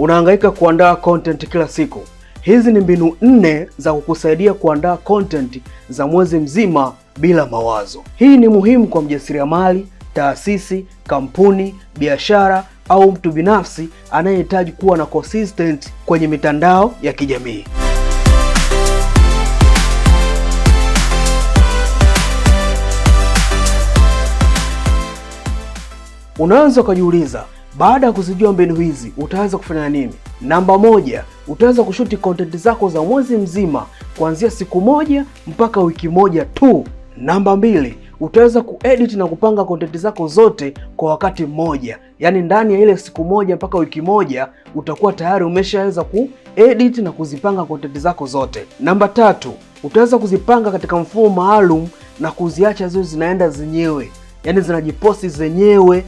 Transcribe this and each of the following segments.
unahangaika kuandaa content kila siku. Hizi ni mbinu nne za kukusaidia kuandaa content za mwezi mzima bila mawazo. Hii ni muhimu kwa mjasiriamali, taasisi, kampuni, biashara au mtu binafsi anayehitaji kuwa na consistent kwenye mitandao ya kijamii. Unaweza ukajiuliza baada ya kuzijua mbinu hizi utaweza kufanya nini? Namba moja, utaweza kushuti content zako za mwezi mzima kuanzia siku moja mpaka wiki moja tu. Namba mbili, utaweza kuedit na kupanga content zako zote kwa wakati mmoja, yaani ndani ya ile siku moja mpaka wiki moja utakuwa tayari umeshaweza kuedit na kuzipanga content zako zote. Namba tatu, utaweza kuzipanga katika mfumo maalum na kuziacha zio zinaenda zenyewe, yaani zinajiposti zenyewe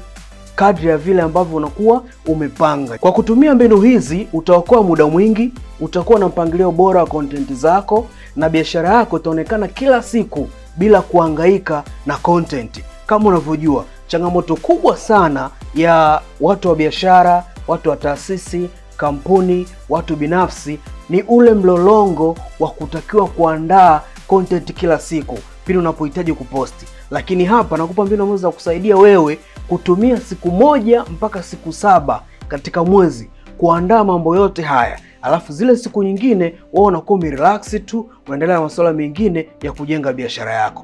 kadri ya vile ambavyo unakuwa umepanga. Kwa kutumia mbinu hizi utaokoa muda mwingi, utakuwa na mpangilio bora wa kontenti zako na biashara yako itaonekana kila siku bila kuangaika na kontenti. Kama unavyojua, changamoto kubwa sana ya watu wa biashara, watu wa taasisi, kampuni, watu binafsi ni ule mlolongo wa kutakiwa kuandaa kontenti kila siku pindi unapohitaji kuposti. Lakini hapa nakupa mbinu ambazo za kusaidia wewe hutumia siku moja mpaka siku saba katika mwezi kuandaa mambo yote haya, alafu zile siku nyingine wao unakuwa umerelax tu, unaendelea na masuala mengine ya kujenga biashara yako.